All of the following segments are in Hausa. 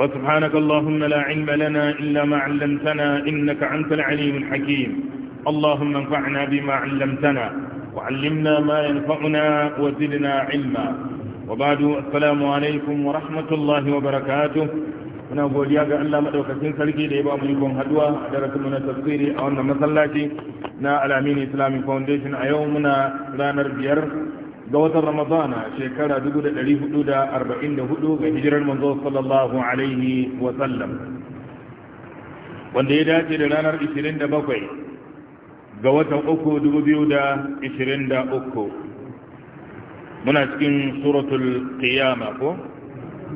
وسبحانك اللهم لا علم لنا إلا ما علمتنا إنك أنت العليم الحكيم اللهم انفعنا بما علمتنا وعلمنا ما ينفعنا وزدنا علما وبعد السلام عليكم ورحمة الله وبركاته muna godiya ga Allah madaukakin sarki da ya ba mu ikon haduwa a darasin na tafsiri a wannan masallaci na Alamin Islamic Foundation a yau muna ranar biyar ga watan ramadana shekara 444 ga hijirar manzo sallallahu alaihi wa sallam wanda ya dace da ranar 27 ga watan uku 2023 muna cikin suratul qiyama ko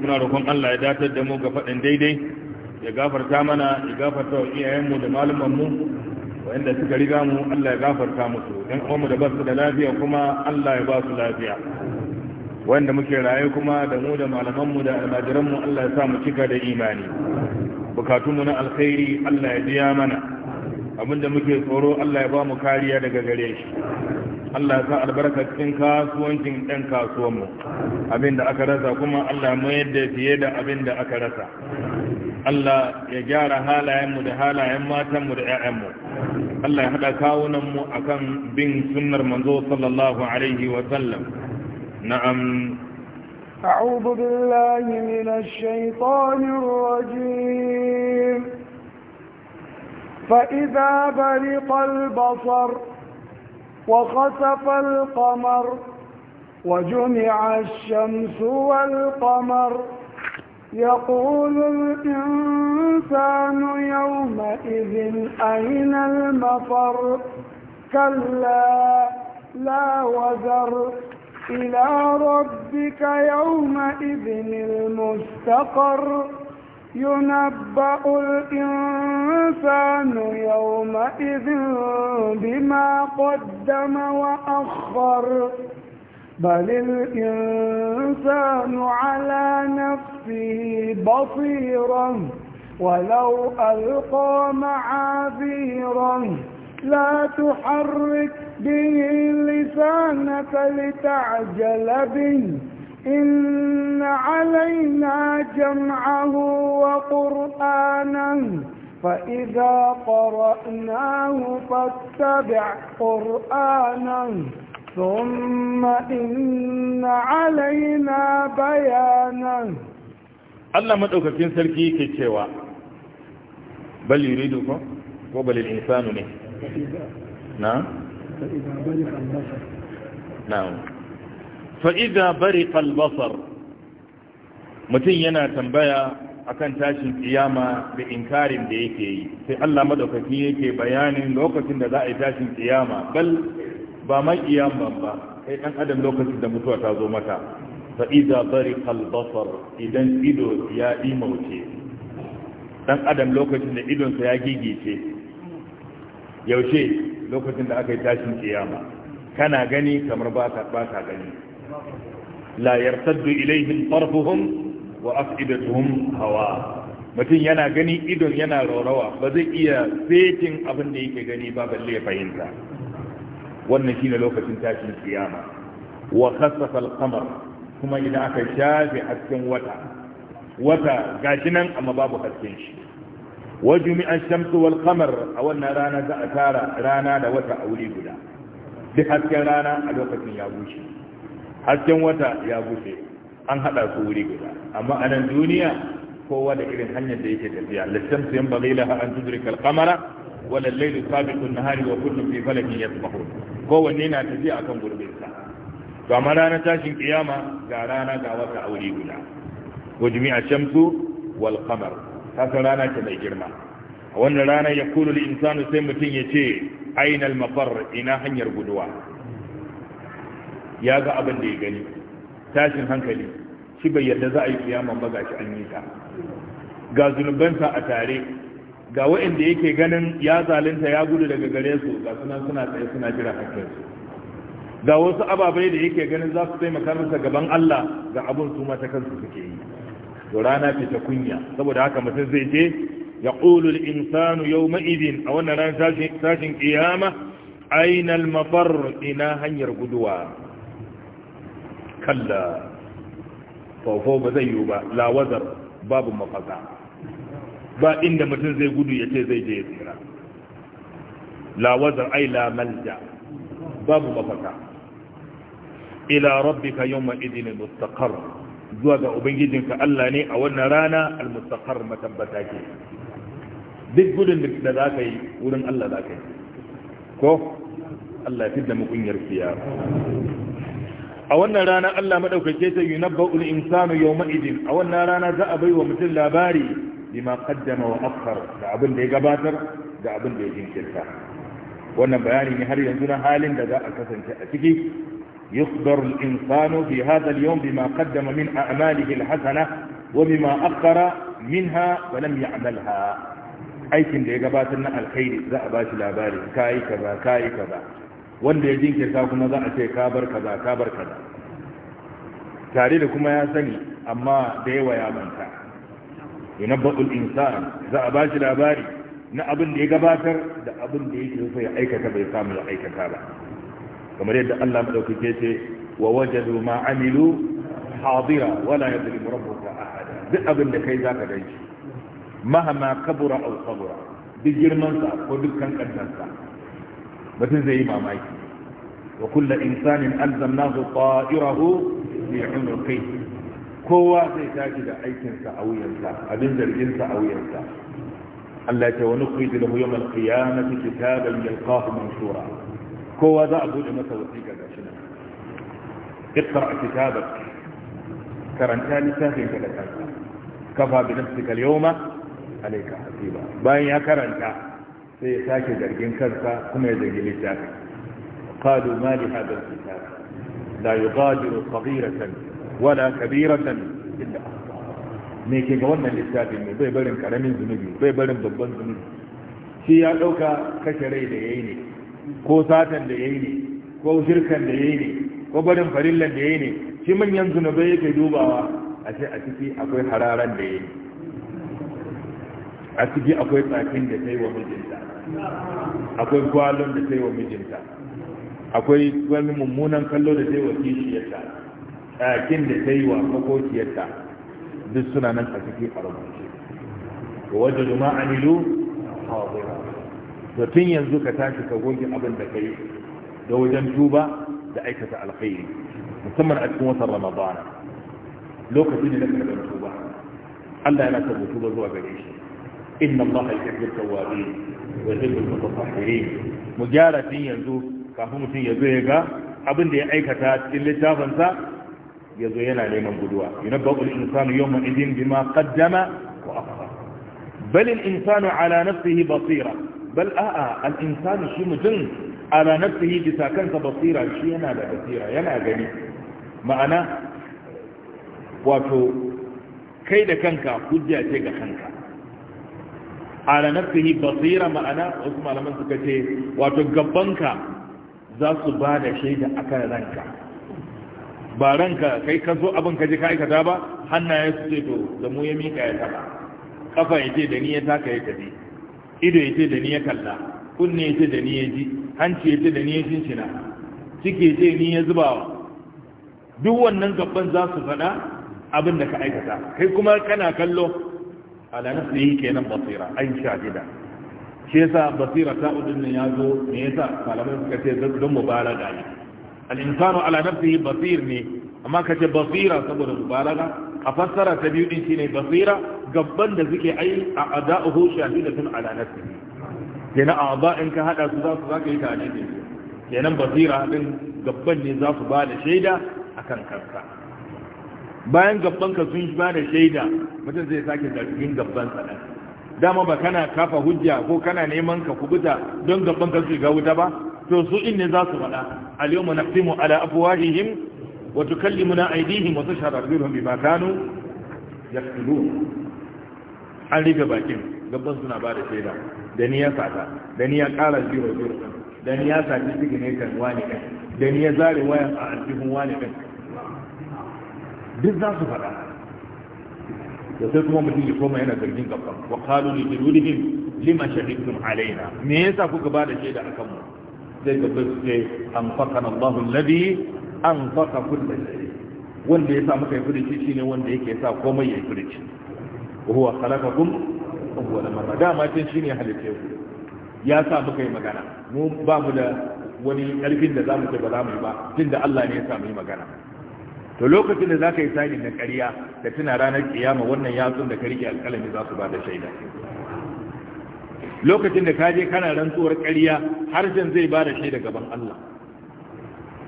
muna roƙon Allah ya datar da mu ga faɗin daidai ya gafarta mana ya gafarta wa iyayenmu da malumanmu wanda suka riga mu Allah ya gafarta musu dan kuma da basu da lafiya kuma Allah ya ba su lafiya wanda muke raye kuma da mu da malaman mu da almajiran mu Allah ya sa mu cika da imani bukatun mu na alkhairi Allah ya biya mana abinda muke tsoro Allah ya ba mu kariya daga gare shi Allah ya sa albarka cikin kasuwancin ɗan kasuwanmu abin da aka rasa kuma Allah mayar da fiye da abin da aka rasa Allah ya gyara halayenmu da halayen matanmu da 'ya'yanmu Allah ya haɗa kawunanmu a kan bin sunnar manzo sallallahu alaihi wa sallam na'am أعوذ بالله من الشيطان الرجيم فإذا برق البصر وخسف القمر وجمع الشمس والقمر يقول الإنسان يومئذ أين المفر كلا لا وزر إلى ربك يومئذ المستقر ينبأ الإنسان يومئذ بما قدم وأخر بل الإنسان على نفسه بصيرا ولو ألقى معاذيرا لا تحرك به لسانك لتعجل به إن علينا جمعه وقرآنه فإذا قرأناه فاتبع قرآنه ثم إن علينا بيانه Allah maɗaukakin sarki yake cewa bal yuridu ko ko bal al-insanu ne na na fa'iza bari kalbasar mutum yana tambaya akan tashin kiyama da inkarin da yake yi sai Allah madaukaki yake bayanin lokacin da za a yi tashin kiyama bal ba mai kiyama ba sai dan adam lokacin da mutuwa ta zo mata fa idza bariqa idan ido ya imauce dan adam lokacin da idon ya gigice yaushe lokacin da aka yi tashin kiyama kana gani kamar ba ka ba ka gani la yartaddu ilaihim tarfuhum wa afidatuhum hawa mutum yana gani idon yana raurawa ba zai iya setin abin da yake gani ba balle ya fahimta wannan shine lokacin tashin kiyama wa khasafa al-qamar kuma idan aka shafe hasken wata wata gashi nan amma babu hasken shi wajumi jumi'a shamsu wal qamar a wannan rana za a tara rana da wata a wuri guda duk hasken rana a lokacin ya bushe hasken wata ya gushe an hada su wuri guda amma a nan duniya kowa da irin hanyar da yake tafiya lissam su yan bagai laha an tudrika alqamara wala laylu na nahari wa kullu fi falakin yasbahun kowanne na tafiya akan gurbin sa to amma ranar tashin kiyama ga rana ga wata a wuri guda a shamsu wal kamar. Ta san rana ce mai girma a wannan rana ya kulu insanu sai mutum ya ce ainal mafar ina hanyar guduwa ya ga abin da ya gani tashin hankali shi bai yadda za a yi kiyaman ba gashi an yi ta ga zunubansa a tare ga wa'anda yake ganin ya zalunta ya gudu daga gare su ga sunan suna tsaye suna jira su, ga wasu ababai da yake ganin za su taimaka masa gaban Allah ga abun su mata kansu suke yi to rana ce ta kunya saboda haka mutum zai je ya qulu al-insanu yawma idin a wannan ran tashin kiyama aina al mafar ina hanyar guduwa kalla fofo ba zai yiwu ba lawazar babu mafaka ba inda mutum zai gudu ya ce zai je ya tsira lawazar aila malja babu mafaka ila rabbika yawma idin mustaqar zuwa ga ubangijinka Allah ne a wannan rana al-mustaqar matabbata ke duk gudun da za ka yi wurin Allah za ka yi ko Allah ya fi mu kunyar siyara a wannan rana Allah madaukake ta yunabba ul insanu yawma idin a wannan rana za a wa mutum labari bima qaddama wa akhar da abin da ya gabatar da abin da ya jinkirta wannan bayani ne har yanzu na halin da za a kasance a ciki yukhbar al insanu fi hadha al yawm bima qaddama min a'malihi al hasana wa bima akhara minha wa lam ya'malha aikin da ya gabatar na alkhairi za a ba shi labari kai kaza kai kaza wanda ya jinkirta kuma za a ce ka bar kaza ka bar kaza tare da kuma ya sani amma da yawa ya manta yunabba'ul insan za a bashi labari na abin da ya gabatar da abin da yake so ya aikata bai samu ya aikata ba kamar yadda Allah ke ce wa wajadu ma amilu hadira wala yadhlimu rabbuka ahada duk abin da kai zaka ganci mahama kabura aw sabura duk girman sa ko dukkan kantansa mutum zai yi mamaki wa kulla insanin alzamnahu ta'irahu bi unuqi kowa zai tashi da aikinsa a wuyansa abin zarginsa a wuyansa Allah ta wani kuyi da huyar malkiyana ta kitabar yalkahu mansura kowa za a buɗe masa wasiƙa ga shi nan اقرأ كتابك karanta littafin ka da kanka kafa bi nafsika al-yawma alayka hasiba bayan ya karanta sai ya sake zargin kansa kuma ya zargi littafi qalu ma li hadha alkitab la yughadiru saghiratan wala kabiratan illa me ke ga wannan littafin ne bai barin karamin zunubi bai barin babban zunubi shi ya dauka kashe rai da yayi ne ko satan da yayi ne ko shirkan da yayi ne ko barin farillan da yayi ne shi manyan zunubai yake dubawa a ce a ciki akwai hararan da yayi a ciki akwai tsakin da sai wa mijin akwai gwalon da ta yi wa mijinta akwai wani mummunan kallo da ta yi wa kishiyarta ɗakin da ta yi wa makokiyarta duk suna nan a cikin a rubuce ga wajen zuma amilu da tun yanzu ka tashi ka goge abin da ka yi da wajen tuba da aikata alkhairi musamman a cikin watan ramadana Lokacin da na karɓar tuba Allah yana sabu tuba zuwa gare shi inna Allah ya yi tawwabin mu gyara مجارة yanzu kafin mutum ya zo ya ga abin da ya aikata cikin littafinsa ya zo yana neman guduwa yana baƙul insanu yau ma'izin bima kaddama wa afa bal insanu ala nafsihi basira bal a'a al insanu shi mutum ala nafsihi bisa kansa basira shi yana da basira yana gani ma'ana wato kai da kanka hujja ce ga kanka ala nafsihi basira ma'ana wasu malaman suka ce wato gabanka za su ba da shaida akan ranka ba ranka kai ka zo abin ka je ka aikata ba hannaye su ce to da mu ya mika ya taba kafa ya ce da ni ya taka ya tafi ido ya ce da ni ya kalla kunne ya ce da ni ya ji hanci ya ce da ni ya shinshina ciki ya ce ni ya zubawa duk wannan gaban za su faɗa abin da ka aikata kai kuma kana kallo ala nafsihi kenan basira an shahida shi yasa basira ta udin nan yazo me yasa malamai suka ce don mubalaga ne al insanu ala nafsihi basir ne amma kace basira saboda mubalaga a fassara ta biyu din shine basira gabban da suke ai a ada'uhu shahidatun ala nafsihi kenan a'da in ka hada su za su zaka yi tare da kenan basira din gabban ne za su ba da shaida akan kanka bayan gabbanka sun ba da shaida mutum zai sake zargin gabbansa ɗan dama ba kana kafa hujja ko kana neman ka kubuta don gabbanka ka ga wuta ba to su in ne za su faɗa al-yawma naqtimu ala afwahihim wa tukallimuna aydihim wa tashhadu arjuluhum bima kanu yaqulun an rufe bakin gabban suna ba da shaida da ni ya sata da ni ya ƙara jiro jiro da ni ya sati sigine kan wani kan da ni ya zare wayan a aljihun wani kan duk za su faɗa da sai kuma mutum ya koma yana zargin gaban. wa qalu li jurudihim lima shahidtum alaina me yasa kuka ba da shaida akan mu sai gaba su ce an faqana Allahu alladhi an faka kulli shay wanda yasa muka yi furuci shine wanda yake sa komai ya yi furuci huwa khalaqakum awwala marra dama tun shine halitta ku ya sa muka yi magana mu ba mu da wani karfin da za mu ce ba za mu yi ba tunda Allah ne ya sa mu yi magana to lokacin da za ka yi sani na ƙarya da tuna ranar kiyama wannan yatsun da ka rike alƙalami za su ba da shaida lokacin da ka je kana rantsuwar ƙarya harshen zai ba da shaida gaban Allah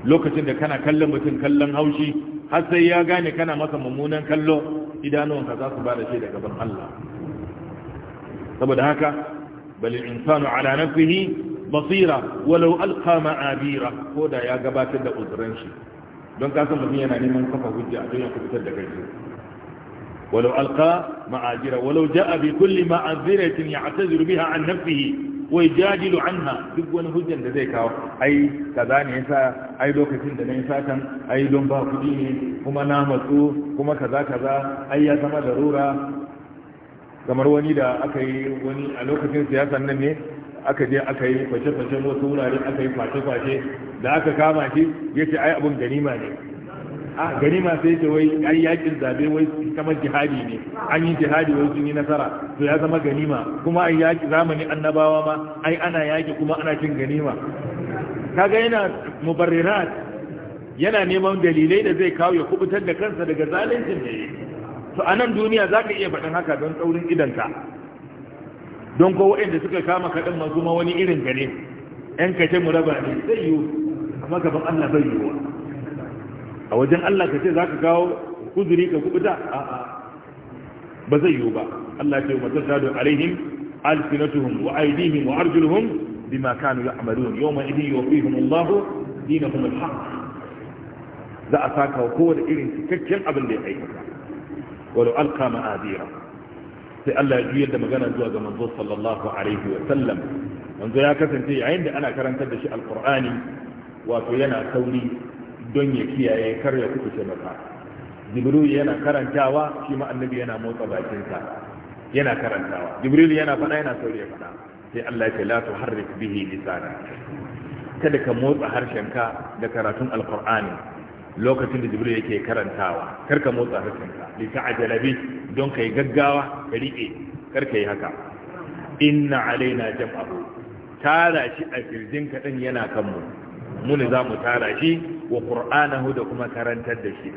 lokacin da kana kallon mutum kallon haushi har sai ya gane kana masa mummunan kallo idanuwanka za su ba da shaida gaban Allah saboda haka bali insanu ala nafsihi basira walau alqa ma'abira ko da ya gabatar da uzuran shi don ka san mutum yana neman kafa hujja don ya kubutar da kai walau alqa ma'ajira walau ja'a bi kulli ma'aziratin ya'taziru biha an nafsihi wai jajilu anha duk wani hujjan da zai kawo ai kaza ne yasa ai lokacin da nayi satan ai don ba kudi ne kuma na matsu kuma kaza kaza ai ya zama darura kamar wani da aka yi wani a lokacin siyasan nan ne aka je aka yi kwace-kwace wasu wurare aka yi kwace-kwace da aka kama shi ya ce ai abin ganima ne a ganima sai ce wai ai yakin zabe wai kamar jihadi ne an yi jihadi wai sun yi nasara to ya zama ganima kuma an yaki zamani annabawa ma ai ana yaki kuma ana cin ganima kaga yana mubarrirat yana neman dalilai da zai kawo ya kubutar da kansa daga zaluncin ne to a nan duniya zaka iya faɗin haka don tsaurin idanka don ko waɗanda suka kama kaɗan masu ma wani irin ka ne ‘yan kace mu raba ne zai yiwu amma gaban Allah bai yiwuwa a wajen Allah ka ce za ka kawo kuzuri ka kubuta a'a ba zai yiwu ba Allah ce matar sadun alaihim alfinatuhum wa aidihim wa arjuluhum bima kanu ya'malun yawma idin yuwafihim Allah dinahum al-haq za a saka kowa da irin cikakken abin da ya aikata walau alqa ma'adira sai Allah ya juyar da magana zuwa ga manzo sallallahu alaihi wa sallam manzo ya kasance yayin da ana karantar da shi alqur'ani wato yana sauri don ya kiyaye kar ya kuɓuce masa jibril yana karantawa shi ma annabi yana motsa bakinsa yana karantawa jibril yana faɗa yana sauri ya faɗa sai Allah ya ce la tuharrik bihi lisana kada ka motsa harshenka da karatun alqur'ani lokacin da jibril yake karantawa karka motsa harshenka li ta'jala bi don kai gaggawa ka rike karka yi haka inna alaina jam'ahu tara shi a firjin ka din yana kan mu mu ne zamu tara shi wa qur'anahu da kuma karantar da shi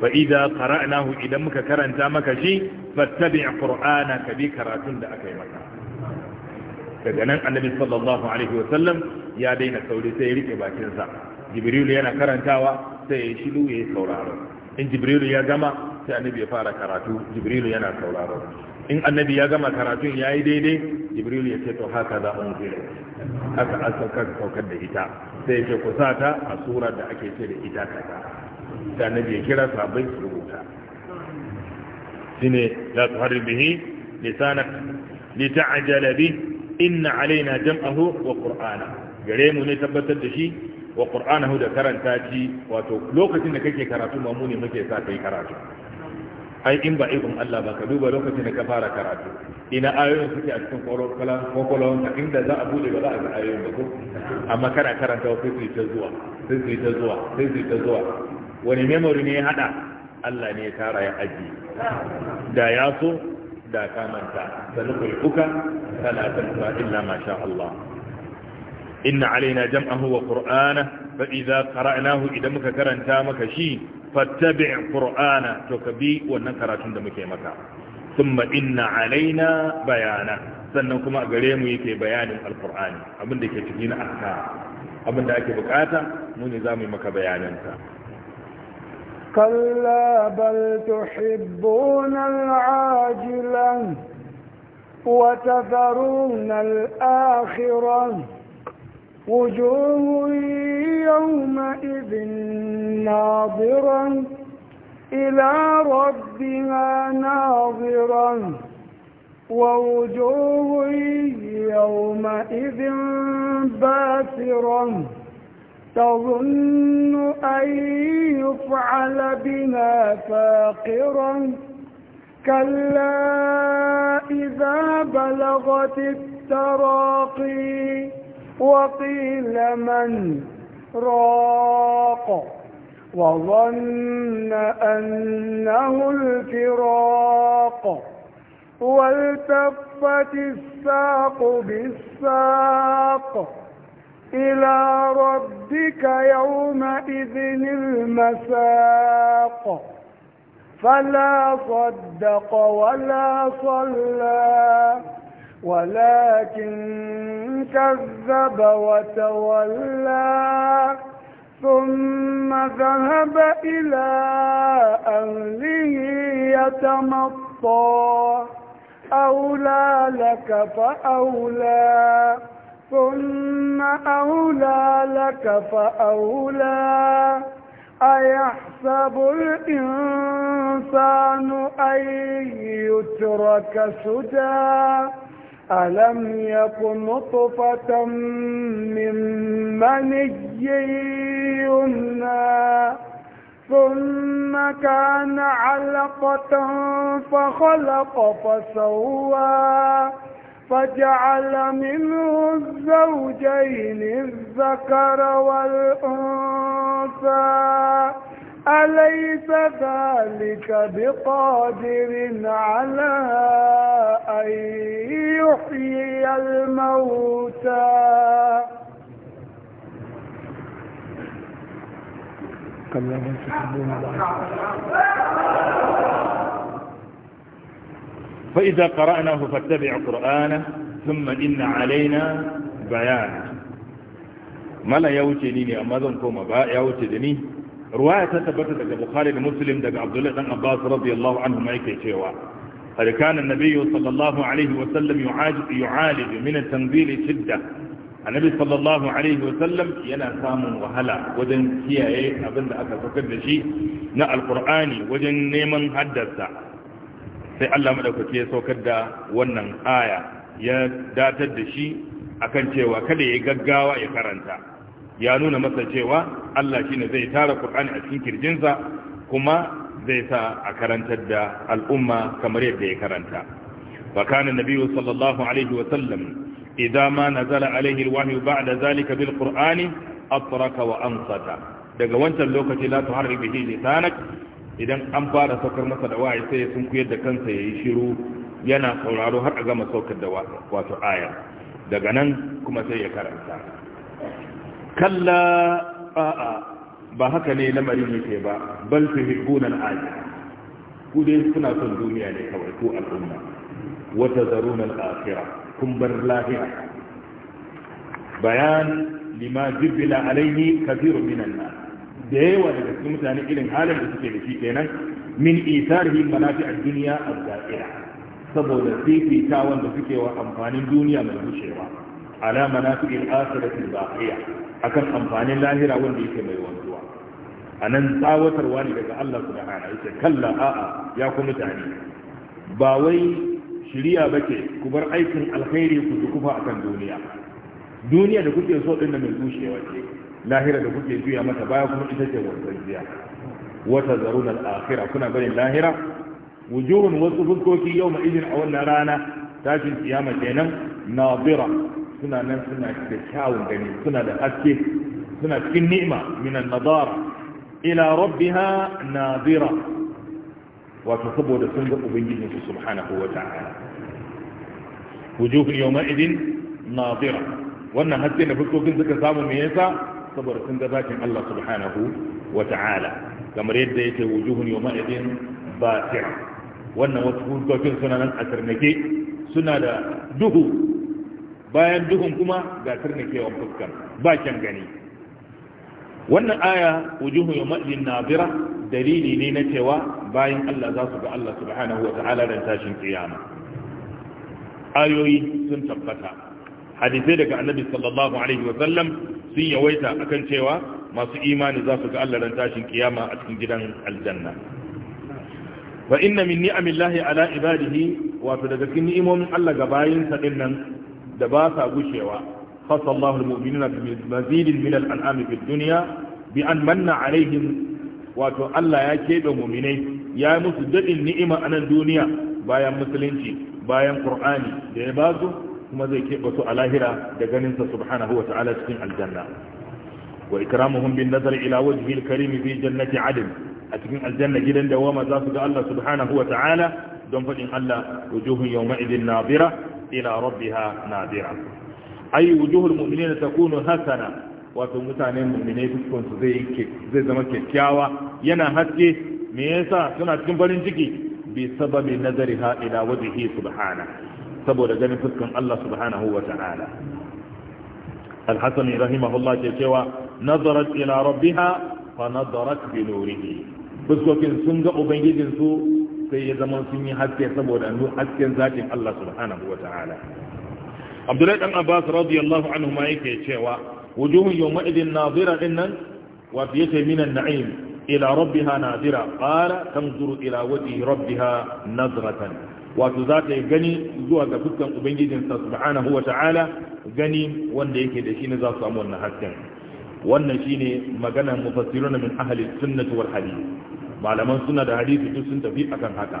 fa idza qara'nahu idan muka karanta maka shi fattabi' qur'anaka bi karatun da aka yi maka daga nan annabi sallallahu alaihi sallam ya daina sauri sai ya rike bakin sa jibrilu yana karantawa sai ya shiru ya yi sauraro in jibrilu ya gama sai annabi ya fara karatu jibrilu yana sauraro in annabi ya gama karatun ya yi daidai jibrilu ya ce to haka za a mutune haka an ka saukar da ita sai ya ce ku sa ta a surar da ake ce da ita kaza sai annabi ya kira sabai su rubuta shine la tuharri bihi lisanak lita'jala bi inna alaina jam'ahu wa qur'ana gare mu ne tabbatar da shi wa qur'anahu da karanta shi wato lokacin da kake karatu ma mu ne muke sa kai karatu ai in ba ibn Allah ba ka duba lokacin da ka fara karatu ina ayoyin suke a cikin kwakwalon ka inda za a bude ba za a ga ayoyin ba ko amma kana karanta sai ta zuwa sai ta zuwa sai ta zuwa wani memory ne ya hada Allah ne ya tara ya aji da ya so da kamanta, manta kuka kana illa masha Allah إن علينا جمعه وقرآنه فإذا قرأناه إذا مك كرنتا مك شي فاتبع قرآنه تكبي ونكرا تندمك مكا ثم إن علينا بيانا سننكما قريم يكي بيان القرآن أبن دي كتبين أحكا أبن ديك بكاتا نظام مك بيانا كلا بل تحبون العاجلا وتذرون الآخرا وجوه يومئذ ناظرا إلى ربها ناظرا ووجوه يومئذ باسرا تظن أن يفعل بها فاقرا كلا إذا بلغت التراقي وقيل من راق وظن أنه الفراق والتفت الساق بالساق إلى ربك يومئذ المساق فلا صدق ولا صلى ولكن كذب وتولى ثم ذهب إلى أهله يتمطى أولى لك فأولى ثم أولى لك فأولى أيحسب الإنسان أن يترك سدى ألم يكن طفة من مني يمنى ثم كان علقة فخلق فسوى فجعل منه الزوجين الذكر والأنثى أليس ذلك بقادر على أن يحيي الموتى فإذا قرأناه فاتبع قرآنه ثم إن علينا بيانه ما لا يوجدني لي أما ذنكم يوجدني ruwaya ta tabbata daga bukhari da muslim daga abdullahi dan abbas radiyallahu anhu ma yake cewa hal kana annabiyyu sallallahu alaihi wa sallam yu'alij yu'alij min at-tanzil shidda annabi sallallahu alaihi wa sallam yana samun wahala wajen kiyaye abinda aka sakar da shi na alqur'ani wajen neman haddasa sai Allah madaukake ya saukar da wannan aya ya datar da shi akan cewa kada ya gaggawa ya karanta ya nuna masa cewa Allah shine zai tara Qur'ani a cikin kirjinsa kuma zai sa a karantar da al'umma kamar yadda ya karanta fa kana nabiyyu sallallahu alaihi wa sallam idza ma nazala alaihi alwahyu ba'da zalika bil qur'ani atraka wa ansata daga wancan lokaci la tuharrik bihi lisanak idan an fara saukar masa da wa'i sai sun kuyar da kansa yayi shiru yana sauraro har a gama saukar da wato aya daga nan kuma sai ya karanta kalla a'a ba haka ne lamarin yake ba bal fi hibunan aji ku dai suna son duniya ne kawai ku al'umma wata zarunan akira kun bar lahira bayan lima jibbila alaihi kathirun minan nas da yawa daga cikin mutane irin halin da suke da shi kenan min isarihi manafi ad-dunya az-za'ira saboda fifita wanda suke wa amfanin duniya mai gushewa ala manafi al-akhirati al-baqiya akan amfanin lahira wanda yake mai wanzuwa a nan tsawatarwa ne daga Allah su da yake kalla a'a ya ku mutane ba wai shirya ba ke ku bar aikin alkhairi ku dukufa a kan duniya duniya da kuke so ɗin da mai gushewa ce lahira da kuke juya mata baya kuma ita ce wanzanziya wata zaruna al'akhira kuna barin lahira wujuhun wasu fuskoki yau ma a wannan rana tashin kiyama kenan nazira suna nan suna da kyawun gani suna da haske suna cikin ni'ima minan nadara ila rabbiha nadira wato saboda sun ga ubangijin su subhanahu wa ta'ala wujuhun yawma idin nadira wannan haske na fuskokin suka samu me yasa saboda sun ga zakin Allah subhanahu wa ta'ala kamar yadda yake wujuhun yawma idin basira wannan wasu fuskokin suna nan a suna da duhu bayan duhun kuma ga kewan fuska ba kyan gani wannan aya wujuhu yawma'in nadira dalili ne na cewa bayan Allah za su ga Allah subhanahu wa ta'ala ran tashin kiyama ayoyi sun tabbata hadisai daga annabi sallallahu alaihi wa sallam sun yawaita akan cewa masu imani za su ga Allah ran tashin kiyama a cikin gidan aljanna wa inna min ni'amillahi ala ibadihi wato daga cikin ni'imomin Allah ga bayinsa nan. da ba sa gushewa khassa Allahu al-mu'minina bi mazidin min al fi bi an manna alaihim wato Allah ya keɓe mu'minai ya yi musu daɗin ni'ima a nan duniya bayan musulunci bayan ƙur'ani da ya bazu kuma zai keɓe su a lahira da ganin sa subhanahu wa ta'ala cikin aljanna wa ikramuhum bin nazar ila wajhi al-karim fi jannati adn a cikin aljanna gidan dawama za su ga Allah subhanahu wa ta'ala don faɗin Allah wujuhun yawma idin nazira ila rabbiha nadira ai wujuhul mu'minina takunu hasana wato mutane mu'minai fuskon su zai zai zama kyakkyawa yana haske me yasa suna cikin farin ciki bi nazari nazariha ila wajhi subhana saboda ganin fuskan Allah subhanahu wa ta'ala al-hasan rahimahullah ke cewa nazarat ila rabbiha fa nadarat bi nurihi sun ga ubangijin su sai ya zama sun yi haske saboda nu hasken zatin Allah subhanahu wataala Abdullahi dan Abbas radiyallahu anhu ma yake cewa wujuhun yawma idin nazira dinnan wa fiyata minan na'im ila rabbiha nadira qala tanzuru ila wajhi rabbiha nazratan wato za ta gani zuwa ga fuskan ubangijinsa subhanahu wataala gani wanda yake da shi ne za su samu wannan hasken wannan shine maganar mufassiruna min ahli sunnati wal hadith malaman suna da hadisi duk sun tafi akan haka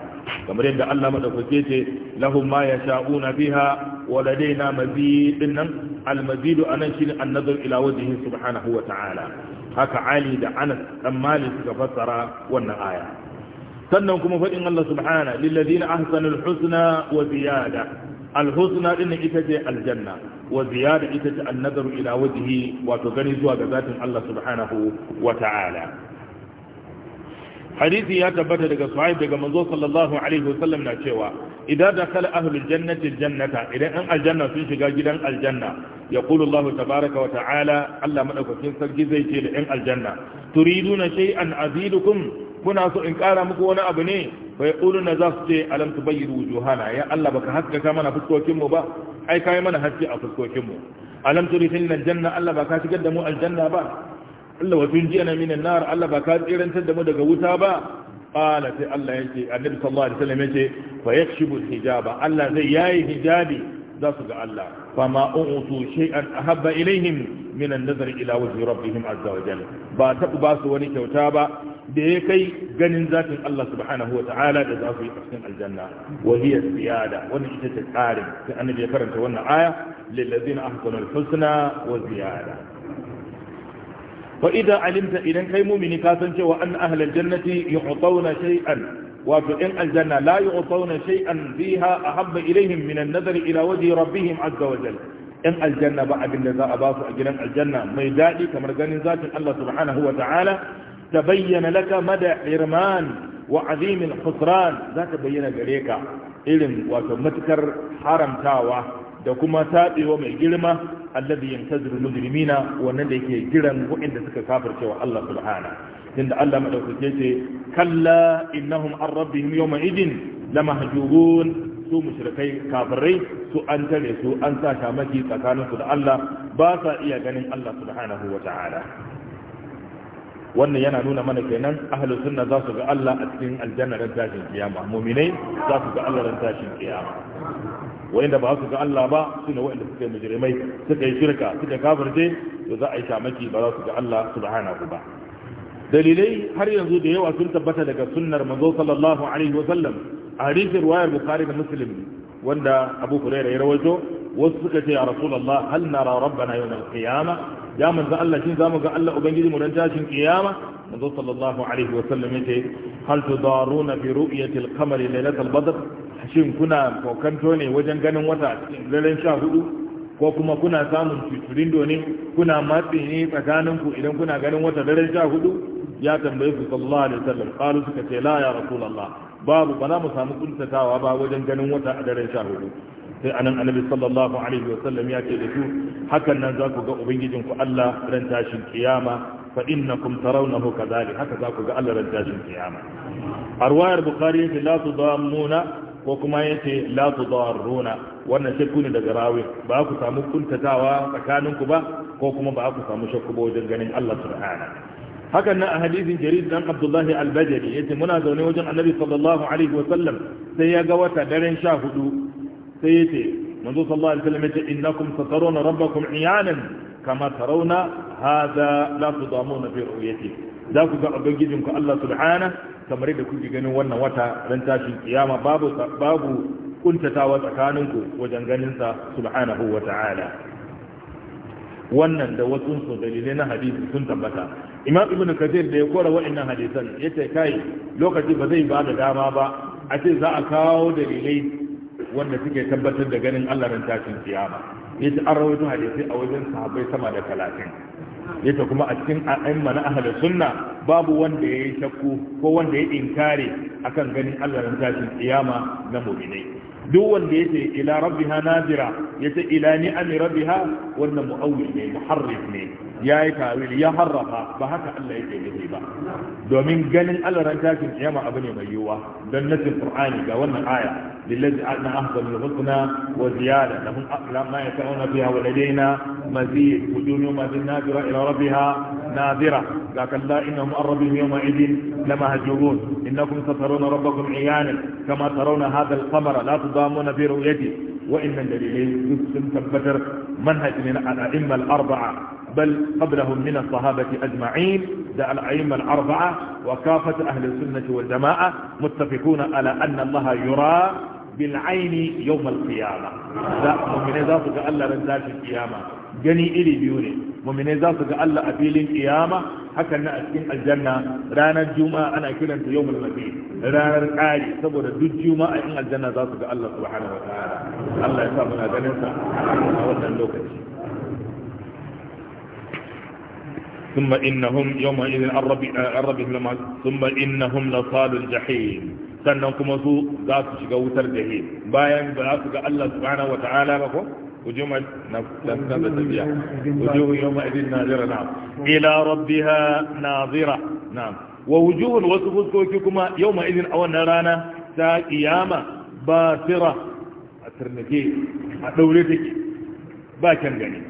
kamar yadda Allah madaukake ce lahum ma yasha'una biha wa ladaina mazid nan al mazid anan shine an-nazar ila wajhihi subhanahu wa ta'ala haka Ali da Anas dan Malik suka fassara wannan aya sannan kuma fadin Allah subhana lil ladina ahsanul husna wa ziyada al husna din ita ce aljanna wa ziyada ita ce an-nazar ila wajhihi wato gani zuwa ga zatin Allah subhanahu wa ta'ala hadisi ya tabbata daga suhaib daga manzo sallallahu alaihi wasallam na cewa idan dakala ahlul jannati jannata idan an aljanna sun shiga gidan aljanna yaqulu Allah tabaaraka wa ta'ala Allah madaukakin sarki zai ce da yan aljanna turiduna shay'an azidukum kuna so in kara muku wani abu ne fa yaquluna za su ce alam tubayyiru wujuhana ya Allah baka haskaka mana fuskokin mu ba ai kai mana haske a fuskokin mu alam turisilna janna Allah baka shigar da mu aljanna ba Allah wajen ji ana minan nar Allah ba ka tsirantar da mu daga wuta ba qala sai Allah yake annabi sallallahu alaihi wasallam yake fa yakshibu hijaba Allah zai yayi hijabi za su ga Allah fama utu shay'an ahabba ilaihim min an-nazar ila wajhi rabbihim azza wa jalla ba ta ba su wani kyauta ba da ya kai ganin zatin Allah subhanahu wa ta'ala da za su yi cikin aljanna wa hiya ziyada wannan ita ce tsarin sai annabi ya karanta wannan aya lil ladzina ahsanu al-husna wa ziyada fa idan alimta idan kai mumini ka san cewa an ahlal jannati yu'tawna shay'an wato in aljanna la yu'tawna shay'an fiha ahabba ilaihim min an-nazar ila wajhi rabbihim azza wa jalla in aljanna ba abin da za a ba su a gidan aljanna mai daɗi kamar ganin zatin Allah subhanahu wa ta'ala ta bayyana laka mada irman wa azimin husran za ta bayyana gare ka irin wato matukar haramtawa da kuma taɓewa mai girma allazi yantaziru mujrimina wannan da yake jiran waɗanda suka kafirce wa Allah subhana inda Allah madaukake ce kalla innahum an rabbihim yawma idin lamahjubun su mushrikai kafirai su an tare su an sa shamaki tsakaninsu da Allah ba sa iya ganin Allah subhanahu wata'ala wannan yana nuna mana kenan ahlu sunna za su ga Allah a cikin aljanna ran tashin kiyama mu'minai za su ga Allah ran tashin kiyama wanda ba su ga Allah ba su ne wanda suka yi mujrimai suka yi shirka suka kafirce to za a yi shamaki ba za su ga Allah subhanahu ba dalilai har yanzu da yawa sun tabbata daga sunnar manzo sallallahu alaihi wa sallam a hadisin riwayar bukhari da muslim wanda abu hurairah ya rawaito wasu suka ce ya rasulullah hal nara rabbana yawm al-qiyama ya manzo Allah shin zamu ga Allah ubangiji mu ran tashin kiyama manzo sallallahu alaihi wa sallam yace hal tudaruna bi ru'yati al-qamari laylatal badr shin kuna kokanto ne wajen ganin wata daren sha hudu ko kuma kuna samun cucurindo ne kuna matsi ne tsakaninku idan kuna ganin wata daren sha hudu ya tambaye su sallallahu alaihi wasallam qalu suka ce la ya rasulullah babu ba za mu samu kuntatawa ba wajen ganin wata a daren sha hudu sai anan annabi sallallahu alaihi wasallam ya ce da su hakan nan za ku ga ubangijin ku Allah ran tashin kiyama fa innakum tarawnahu kadhalik haka za ku ga Allah ran tashin kiyama arwayar bukhari la tudammuna ko kuma ya ce la tu darruna wannan shakku ne daga rawi ba ku samu kuntatawa tsakanin ku ba ko kuma ba ku samu shakku ba wajen ganin Allah subhanahu hakan nan a hadisin jarid dan Abdullahi al-Bajali yace muna zaune wajen Annabi sallallahu alaihi wa sallam sai ya ga wata daren 14 sai yace manzo sallallahu alaihi wa sallam yace innakum sataruna rabbakum iyanan kama tarawna hadha la tudamuna fi ru'yati za ku ga ubangijinku Allah subhana. kamar da kuke ganin wannan wata ran tashin kiyama babu babu kuntatawa tsakaninku wajen ganin sa subhanahu wa ta'ala wannan da wasu su dalilai na hadisi sun tabbata imam ibnu kathir da ya kora wa'annan hadisan yace kai lokaci ba zai ba da dama ba a ce za a kawo dalilai wanda suke tabbatar da ganin Allah ran tashin kiyama yace an rawaito hadisi a wajen sahabbai sama da 30 yake kuma a cikin a'imma na ahlus sunna babu wanda yayi shakku ko wanda ya inkare akan ganin Allah tashin kiyama na mu'minai duk wanda yake ila rabbiha nazira yace ila ni'ami rabbiha wannan mu'awwil ne muharrif ne yayi tawil ya harrafa ba haka Allah yake nufi ba domin ganin Allah ran tashin kiyama abu ne mai yiwuwa dan nasin qur'ani ga wannan aya lillazi anna ahsanul husna wa ziyada lahum aqlam ma yasawuna biha wa ladaina مزيد وجوه يومئذ ناظرة إلى ربها ناظرة لكن لا إنهم عن يومئذ يومئذ هجرون إنكم سترون ربكم عيانا كما ترون هذا القمر لا تضامون في رؤيته وإن الذي يسلم تبتر منهج من الأئمة الأربعة بل قبلهم من الصحابة أجمعين دع الأئمة الأربعة وكافة أهل السنة والجماعة متفقون على أن الله يرى بالعين يوم القيامة من مؤمنين ألا تقال ذات القيامة gani iri biyu ne muminai za su ga Allah a filin kiyama hakan na a cikin aljanna ranar juma'a ana kiranta yau mulmaki ranar ƙari saboda duk juma'a in aljanna za su ga Allah subhanahu wa ta'ala Allah ya sa muna ganin sa a wannan lokaci ثم إنهم يومئذ الرب ثم إنهم لصال الجحيم sannan kuma su za su shiga wutar jahil bayan ba za su ga Allah subhanahu wa ba ko وجوه وجوه يومئذ ناظرة نعم إلى ربها ناظرة نعم ووجوه وصفوكما يومئذ أو نرانا تا قيامة باثرة أترنكي دولتك باكن جاني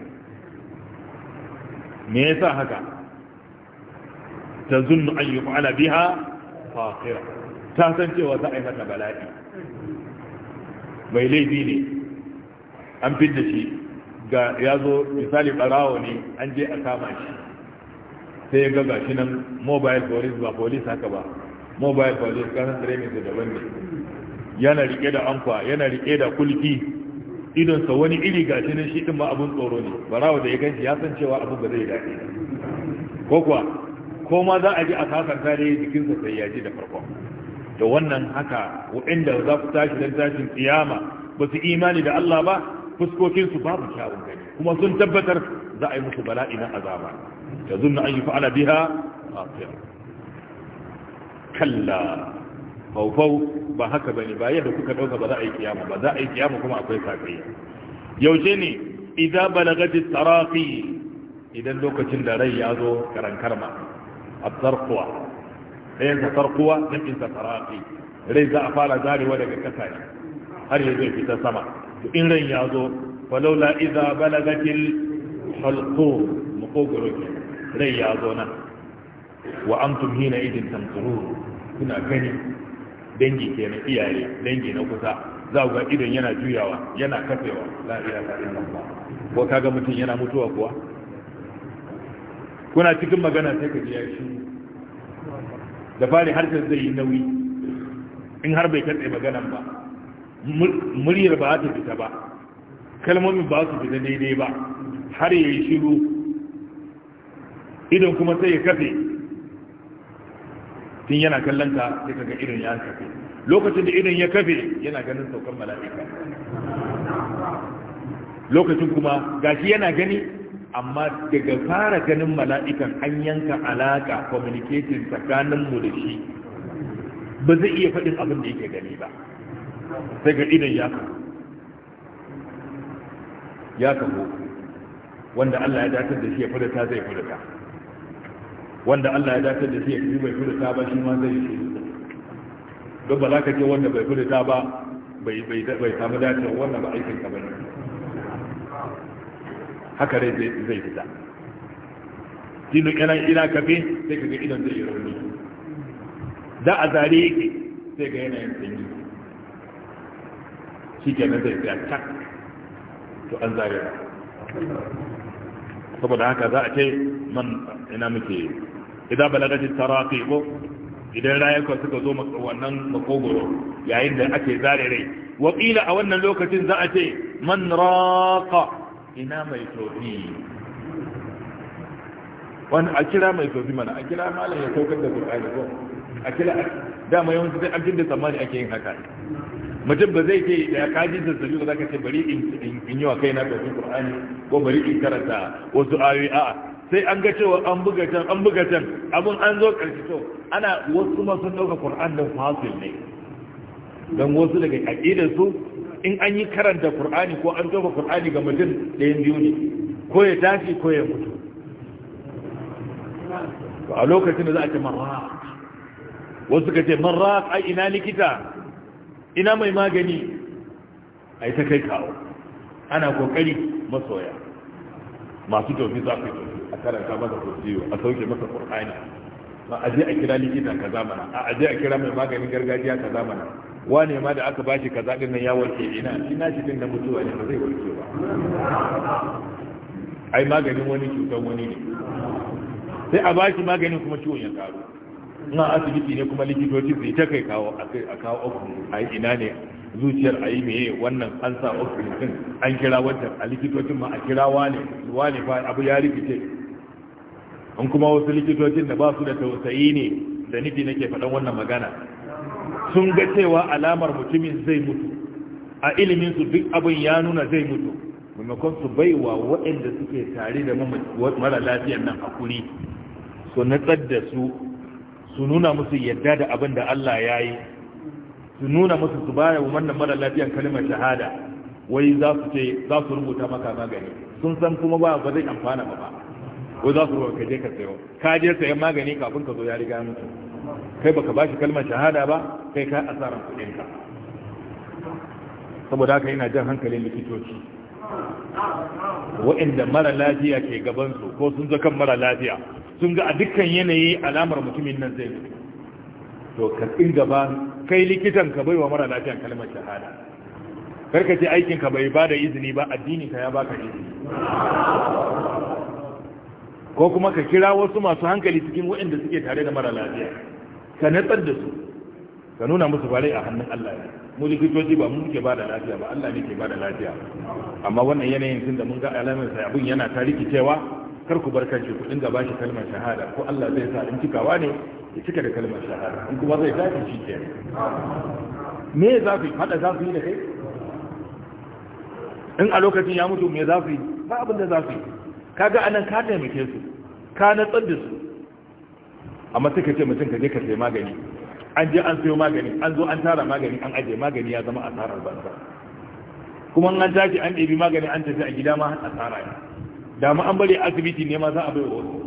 ميسا هكا تظن أن يفعل بها فاقرة تهتنتي وتعيمة بلائي بيلي ديني an fidda shi ga ya zo misali barawo ne an je a kama shi sai ya gaga shi nan mobile police ba police haka ba mobile police kanan training da daban ne yana rike da ankwa yana rike da kulki idonsa wani iri ga shi nan shi din ma abun tsoro ne barawo da ya ganshi ya san cewa abu ba zai dace ko kuwa ko ma za a ji a kasanta da jikinsa sai ya ji da farko da wannan haka waɗanda za su tashi don tashin kiyama ba su imani da Allah ba fuskokinsu babu kyawun gani kuma sun tabbatar za a yi musu bala'i na azaba ya zunna an yi fa'ala biha a fiya kalla faufau ba haka bane ba yadda kuka dauka ba za a yi kiyama ba za a yi kiyama kuma akwai sakayya yaushe ne idan balagati tarafi idan lokacin da rai ya zo karankarma a tsarkuwa ɗayan sa tsarkuwa na sa tarafi rai za a fara zarewa daga ƙasa ne har yanzu ya fita sama in ran ya zo falaula iza balagatil halqu makogoro ke rai ya zo nan wa amtum hina idin tamturu kuna gani dangi kenan iyaye dangi na kusa za ku ga idan yana juyawa yana kafewa la ilaha illallah ko kaga mutum yana mutuwa kuwa kuna cikin magana sai ka ji ya shi da fari sai zai yi nauyi in har bai katse maganan ba muryar ba ta fita ba kalmomin ba su fita daidai ba har ya yi shiru idan kuma sai ya kafe tun yana kallonta sai kaga irin ya kafe lokacin da idan ya kafe yana ganin saukan mala'ika lokacin kuma gashi yana gani amma daga fara ganin mala'ikan an yanka alaka communicating tsakaninmu da shi ba zai iya faɗin abin da yake gani ba sai ga idan ya kafu ya kafu wanda Allah ya datar da shi ya fadata zai fadata wanda Allah ya datar da shi ya kafi bai fadata ba shi ma zai shi don ba za ka ce wanda bai fadata ba bai samu dacewa wannan ba aikin ka bane haka dai zai fita dinu kana ina kafe sai ka ga idan zai yi rauni da a zare yake sai ga yanayin sanyi shi ke nan zai tsaya tak to an zare ba saboda haka za a ce man ina muke idan balagajin taraki ko idan rayuka suka zo wannan makogoro yayin da ake zare rai wakila a wannan lokacin za a ce man raka ina mai tofi wani a kira mai tofi mana a kira malam ya saukar da kur'ani ko a kira dama yawanci sai abin da tsammani ake yin haka mutum ba zai ce da kaji zazzabi ba za ka ce bari in yi wa kai na ɗauki ƙur'ani ko bari in karanta wasu ayoyi a'a sai an ga cewa an buga can an buga can abin an zo ƙarshe to ana wasu ma sun ɗauka ƙur'an da fasil ne don wasu daga aƙidar su in an yi karanta ƙur'ani ko an zo ƙur'ani ga mutum ɗayan biyu ne ko ya tashi ko ya mutu a lokacin da za a ce marra wasu ka ce marra ai ina likita ina mai magani a yi ta kai kawo ana kokari masoya masu tofi za ku tofi a karanta masa kursiyo a sauke masa ƙur'ani ba a je a kira likita ka zamana a je a kira mai maganin gargajiya ka zamana wane ma da aka bashi ka zaɗin nan ya warke ina ina shi din na mutuwa ne ba zai warke ba ai maganin wani cutar wani ne sai a bashi maganin kuma ciwon ya karu na asibiti ne kuma likitoci su yi ta kai kawo a kawo oxygen a ina ne zuciyar a yi meye wannan an sa oxygen din an kira wajen a likitocin ma a kira wane wane fa abu ya rikice in kuma wasu likitocin da ba su da tausayi ne da nufi nake faɗan wannan magana sun ga cewa alamar mutumin zai mutu a ilimin su duk abin ya nuna zai mutu maimakon su bai wa waɗanda suke tare da mara lafiyar nan hakuri su natsar da su su nuna musu yadda da abin da Allah ya yi su nuna musu su baya wa wannan mara lafiyan kalmar shahada wai za su ce za su rubuta maka magani sun san kuma ba ba zai amfana ba wai za su rubuta je ka sayo ka je sayo magani kafin ka zo ya riga mutu kai baka bashi kalmar shahada ba kai ka asaran kuɗin ka saboda haka ina jan hankalin likitoci wa'inda mara lafiya ke gabansu ko sun zo kan mara lafiya sun ga a dukkan yanayi alamar mutumin nan zai to ka gaba kai likitan ka baiwa mara lafiya kalmar shahada karka ce aikin ka bai bada izini ba addini ka ya baka izini ko kuma ka kira wasu masu hankali cikin waɗanda suke tare da mara lafiya ka natsar da su ka nuna musu bare a hannun Allah ne mu likitoci ba mu ke bada lafiya ba Allah ne ke bada lafiya amma wannan yanayin sun da mun ga alamar sai abun yana ta rikicewa kar ku barkanci ku dinga bashi kalmar shahada ko Allah zai sa in cikawa ne ya cika da kalmar shahada in kuma zai tafi shi ke me za ku yi hada za ku yi da kai in a lokacin ya mutu me za ku yi ba abin da za ku yi kaga anan ka taimake su ka natsar da su amma suka ce mutum ka je ka sai magani an je an sayo magani an zo an tara magani an aje magani ya zama asarar banza kuma an tashi an ɗebi magani an tafi a gida ma asara ne da an bari asibiti ne ma za a bai wa wasu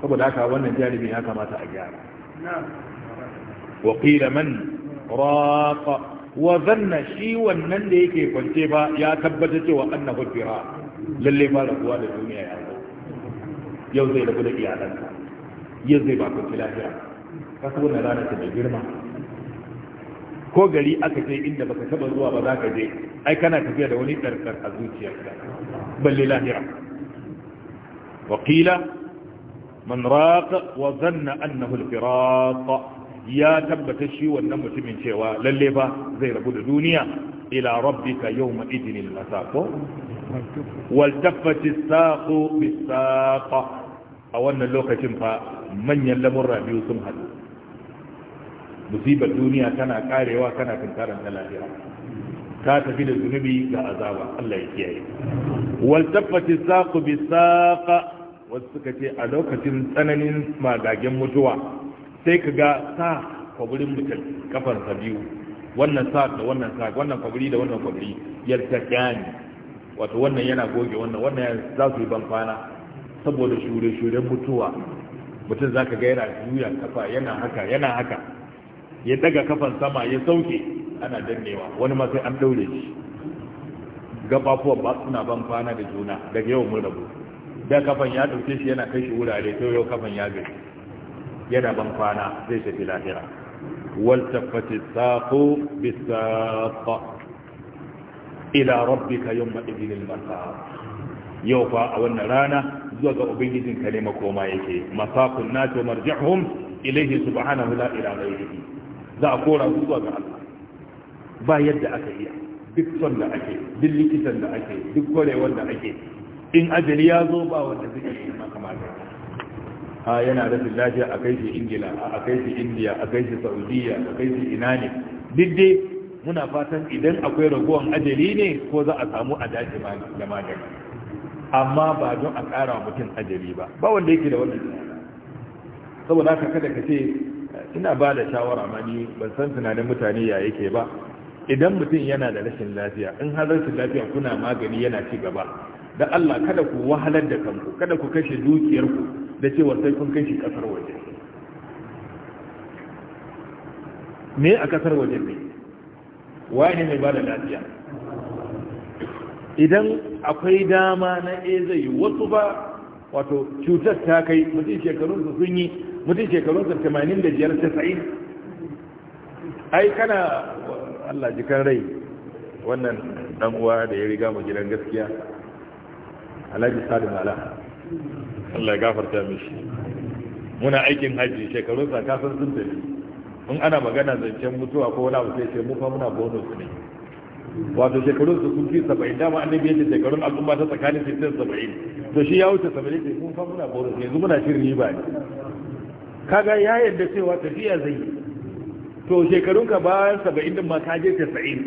saboda haka wannan jarumin ya kamata a gyara wa qila man wa zanna shi wannan da yake kwance ba ya tabbata cewa annahu fira lalle ba da kuwa da duniya ya zo yau zai rabu da iyalanka yau zai ba ku lafiya ka saboda ranar ta da girma ko gari aka je inda baka taba zuwa ba za ka je ai kana tafiya da wani ɗarɗar a zuciyarka balle lahira wakila man raq wa zanna annahu al-firaq ya tabbata shi wannan mutumin cewa lalle ba zai rabu da duniya ila rabbika yawma idin al-masaq wal tafati as-saq bis-saq a wannan lokacin fa manyan lamurra biyu sun hadu musibar duniya tana karewa tana tunkarar ta lafiya. ka tafi da zunubi ga azaba Allah ya kiyaye wal tabbati saqu bi saqa wasu suka ce a lokacin tsananin magagen mutuwa sai ka ga sa kwaburin mutum kafar sa biyu wannan sa da wannan sa wannan kwaburi da wannan kwaburi yartakani wato wannan yana goge wannan wannan za su yi banfana saboda shure-shuren mutuwa mutum za ka ga yana juya kafa yana haka yana haka ya daga kafan sama ya sauke ana dannewa wani ma sai an daure shi gabafuwan ba suna ban kwana da juna daga yau mun rabu da kafan ya dauke shi yana kai shi wurare sai yau kafan ya gari yana ban kwana zai tafi lahira wal tafati saqu bisaq ila rabbika yawma idhil masaq yau fa a wannan rana zuwa ga ubangijin ka ne makoma yake masaqun nato marji'hum ilayhi subhanahu la ilaha ghayrihi za a kora su zuwa ga Allah ba yadda aka iya duk son da ake duk likitan da ake duk kwarewar da ake in ajali ya zo ba wanda zai yi kamata. a yana da lafiya a kai shi ingila a kai shi indiya a kai shi saudiya a kai shi ina ne duk dai muna fatan idan akwai ragowar ajali ne ko za a samu a dace da magani amma ba don a ƙara mutum ajali ba ba wanda yake da wannan saboda haka kada ka ce ina ba da shawara ma ni ban san tunanin mutane ya yake ba idan mutum yana da rashin lafiya in har lafiya kuna magani yana ci gaba da Allah kada ku wahalar da kanku kada ku kashe dukiyarku da cewa sai kun kai shi kasar waje me a kasar waje ne wani mai ba da lafiya idan akwai dama na e zai wasu ba wato cutar ta kai mutum shekarun su sun yi mutum shekarun sa 85 90 ai kana Allah jikan rai wannan dan uwa da ya riga mu gidan gaskiya Alhaji Salim Ala Allah ya gafarta mishi muna aikin haji shekarun sa kasan sun tafi in ana magana zancen mutuwa ko wani abu sai ce mu fa muna bonus ne wato shekarun su sun fi saba'in dama annabi yadda shekarun al'umma ta tsakanin sittin saba'in to shi ya wuce saba'in sai mun fa muna bonus yanzu muna shirin riba ne kaga ya yadda cewa tafiya zai yi to shekarunka bayan saba'in din ma ka je tasa'in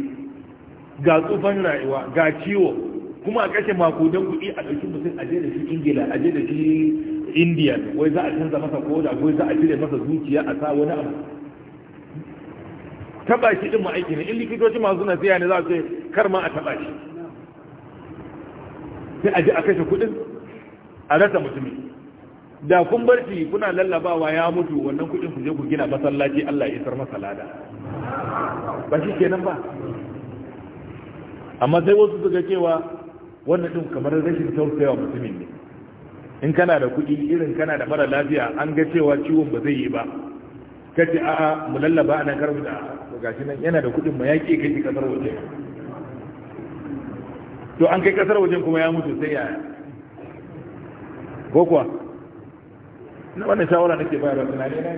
ga tsufan rayuwa ga ciwo kuma a kashe makudan kuɗi a ɗauki mutum a je da shi ingila a je da shi indiya wai za a canza masa koda wai za a cire masa zuciya a sa wani abu taba shi din ma'aiki ne in likitoci masu nasiya ne za su ce kar ma a taba shi sai a je a kashe kuɗin a rasa mutumin da kun bar shi kuna lallabawa ya mutu wannan kudin ku je ku gina masallaci Allah ya isar masa lada ba shi kenan ba amma sai wasu suka cewa wannan din kamar rashin tausayawa mutumin ne in kana da kuɗi irin kana da mara lafiya an ga cewa ciwon ba zai yi ba kace a'a mu lallaba ana karbu da gashi nan yana da kuɗin ma yaƙi kai kasar waje to an kai kasar waje kuma ya mutu sai yaya ko kuwa na wannan shawara nake bayarwa tunani na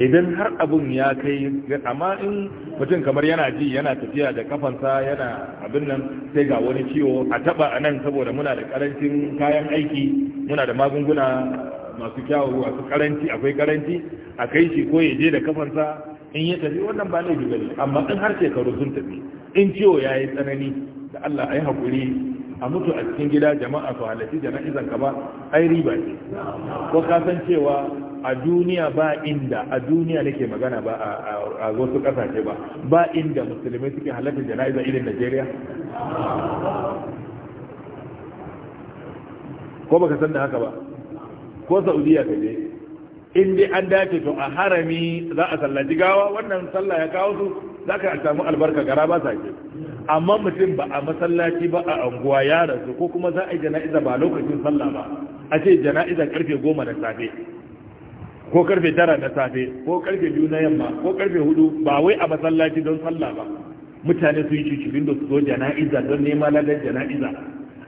idan har abun ya kai amma in mutum kamar yana ji yana tafiya da kafansa yana abin nan sai ga wani ciwo a taba a nan saboda muna da karancin kayan aiki muna da magunguna masu kyawu masu karanci akwai karanci a kai shi ko je da kafansa in ya tafi wannan ba ne amma in har shekaru sun tafi in ciwo ya yi tsanani da Allah a yi hakuri a mutu a cikin gida jama'a su halarci jana'izan ka ba ai riba ce ko ka san cewa a duniya ba inda a duniya nake magana ba a wasu kasashe ba ba inda musulmai suke halarta jana'iza irin Najeriya ko baka san da haka ba ko Saudiya ka je in dai an dace to a harami za a sallaci gawa wannan sallah ya kawo su za ka samu albarka gara ba sa ke amma mutum ba a masallaci ba a anguwa ya rasu ko kuma za a yi jana'iza ba lokacin sallah ba a ce jana'iza karfe goma da safe ko karfe tara da safe ko karfe biyu na yamma ko karfe hudu ba wai a masallaci don sallah ba mutane su yi da su zo jana'iza don neman ladar jana'iza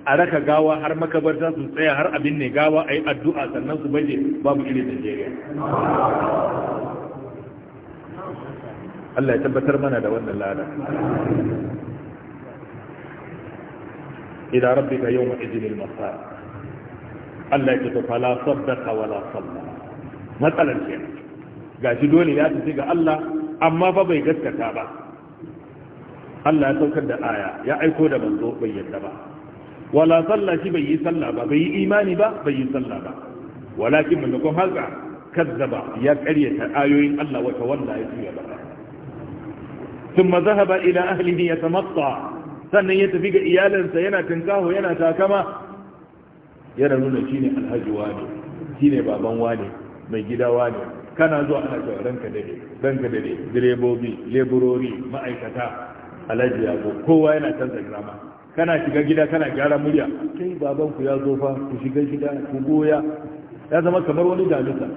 a raka gawa har makabarta su tsaya har abin ne gawa a yi addu'a sannan su baje babu irin Najeriya. Allah ya tabbatar mana da wannan lada ila rabbika yawma idhin izinin masa, Allah ya ce fala saddaqa wala sallah, matsalar ke. Ga shi dole ya tafi ga Allah amma ba bai gaskata ba Allah ya saukar da aya ya aiko da manzo bai yadda ba wala sallah shi bai yi sallah ba bai yi imani ba bai yi sallah ba walakin mallakon kun haka kazzaba ya karyata ayoyin Allah wata wanda ya tuya ba thumma zahaba ila ahlihi yatamatta sannan ya tafi ga iyalansa yana tinkaho yana takama yana nuna shine alhaji wani shine baban wani mai gida wani kana zuwa ana cewa ranka dade ranka dade direbobi leburori ma'aikata alhaji yago kowa yana canza grama kana shiga gida kana gyara murya kai baban ya zo fa ku shiga gida ku goya ya zama kamar wani damisa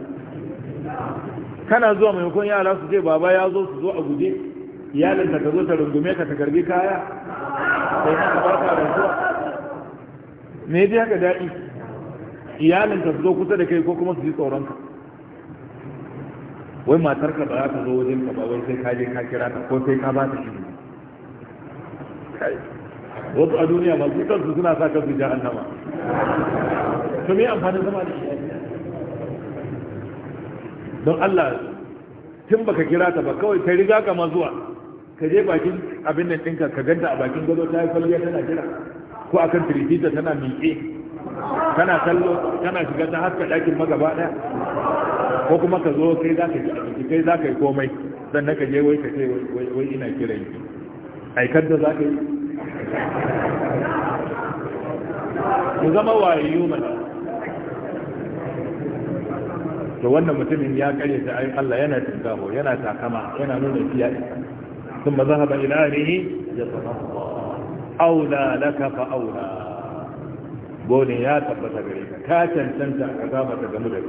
kana zuwa maimakon yara su ce baba ya zo su zo a guje Iyalinka ta zo ta rungume ka ta karbi kaya sai maka barka da zuwa me dai haka dadi iyalinka su zo kusa da kai ko kuma su ji tsoronka wai matarka ba za ta zo wajen ka ba wai sai ka je ka kira ta ko sai ka ba ta shi wasu a duniya ba su kansu suna sa kansu annama to me amfanin zama da don Allah tun baka kira ta ba kawai ta riga ka ma zuwa ka je bakin abin nan ɗinka ka ganta a bakin gado ta yi kwalliya tana jira ko a kan tirifita tana miƙe kana kallo kana shiga ta haska ɗakin magaba ɗaya ko kuma ka zo kai za ka ji kai za ka yi komai sannan ka je wai ka ce wai ina kiran yi aikar da za ka yi ku zama wayo mana to wannan mutumin ya kare ta ayin Allah yana tinkaho yana takama yana nuna fiya ثم ذهب إلى أهله يتفضل أولى لك فأولى قولي يا تبت بريك كاتن تنتع عقابة جمدك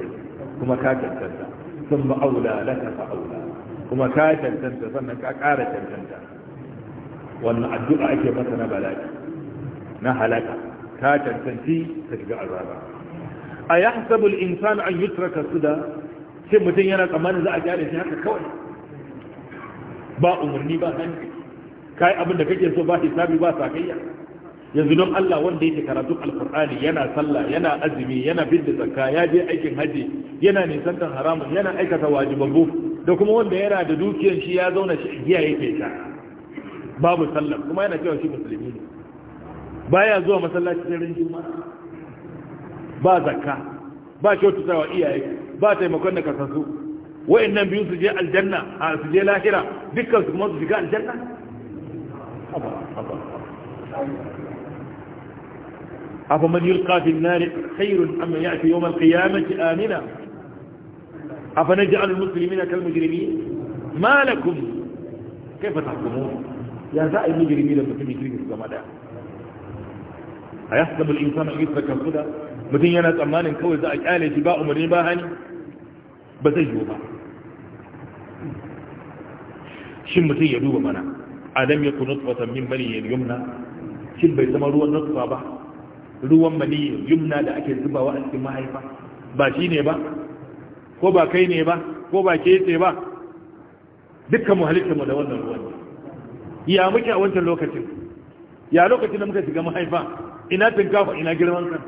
كما كاتن تنتع ثم أولى لك فأولى كما كاتن تنتع ثم كاكارة تنتع وأن الدعاء كمتنا بلاك نحلك كاتن تنتي تشجع عذابا أيحسب الإنسان أن يترك السدى شيء متين ينا كمان إذا أجاري شيء هكا كوي ba umarni ba hannu kai abin da kake so ba hisabi ba sakayya yanzu don Allah wanda yake karatu alkur'ani yana sallah yana azumi yana da zakka ya je aikin haji yana nisantar haramun yana aikata wajibabbu da kuma wanda yana da dukiyar shi ya zauna shi giya yake sha babu sallah kuma yana cewa shi musulmi ne baya zuwa masallaci sai ran juma'a ba zakka ba kyautatawa iyaye ba taimakon da kasasu وإن لم يسجي الجنة سجي آه، الآخرة بك وتكون مسجي الجنة أفو من يلقى في النار خير أم يأتي يوم القيامة آمنا أفنجعل المسلمين كالمجرمين ما لكم كيف تحكمون يا زائل المجرمين لما في مجرمين في الزمداء أيحسب الإنسان عيسر كالخدا متين ينات أمان كوي زائل آلي جباء مريباهن بزيوها shin mutum ya duba mana adam ya kunu tsofatan min bani yumna shin bai zama ruwan nutfa ba ruwan mani yumna da ake zubawa a cikin mahaifa ba shi ne ba ko ba kai ne ba ko ba ke yace ba dukkan mu halitta mu da wannan ruwan ya muke a wancan lokacin ya lokacin da muka shiga mahaifa ina tinkafa ina girman kan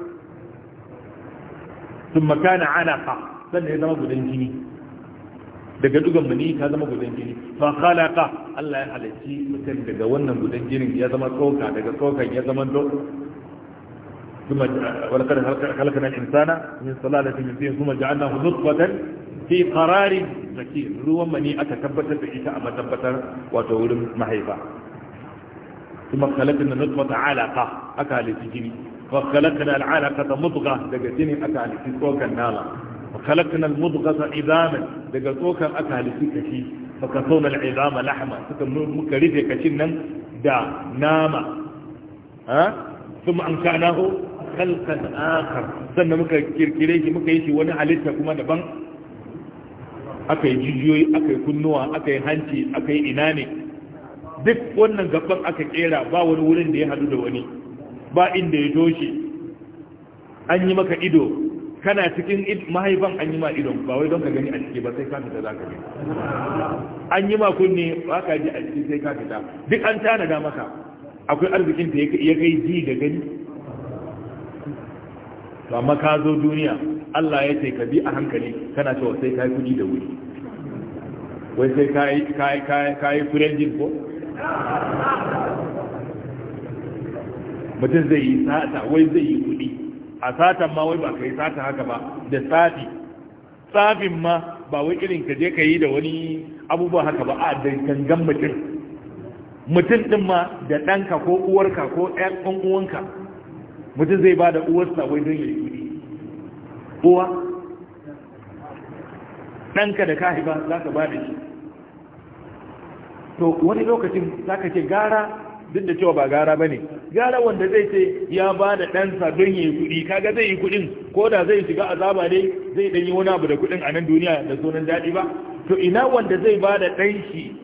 sun makana alaqa sannan ya zama gudan jini daga dugan mani ka zama gudan jini fa khalaqa Allah ya halicci mutum daga wannan gudan jinin ya zama tsoka daga tsokan ya zama do kuma walakad khalaqna al-insana min salalatin min tin kuma ja'alnahu nutfatan fi qararin makin ruwan mani aka tabbatar da ita a matabbatar wato wurin mahaifa kuma khalaqna nutfata alaqa aka halicci jini wa khalaqna al-alaqa mudghah daga jinin aka halicci tsokan nama خلقنا المضغة عظاما daga tsokan aka halitti kashi baka sauna al'izama lahma suka muka kashin nan da nama ha an kana ho khalqan akhar sannan muka kirkire shi wani halitta kuma daban aka yi jijiyoyi aka yi kunnuwa aka hanci aka yi ina ne duk wannan gaban aka kera ba wani wurin da ya hadu da wani ba inda ya toshe an yi maka ido kana cikin mahaifan an yi ma idon ba wai don ka gani a ciki ba sai ka fita za ka gani an yi ma kunne ba ka ji a ciki sai ka fita duk an tanada maka akwai arzikin ta ya kai ji da gani to amma ka zo duniya Allah ya ce ka bi a hankali kana cewa sai ka yi kuɗi da wuri wai sai ka yi firenjin ko mutum zai yi sa'ata wai zai yi kuɗi a satan ma wai ba ka yi satan haka ba da tsafi tsafin ma ba wai irin ka je ka yi da wani abubuwa haka ba a da gangan mutum mutum din ma da ɗanka ko uwarka ko ɗan uwanka mutum zai ba da uwarsa wai don yi kuɗi uwa ɗanka da ka haifa za ka ba da shi to wani lokacin za ka ce gara duk da cewa ba gara bane gara wanda zai ce ya ba da ɗansa don ya yi kuɗi kaga zai yi kuɗin ko da zai shiga azaba ne zai ɗan yi wani abu da kuɗin a nan duniya da sunan daɗi ba to ina wanda zai ba da ɗan shi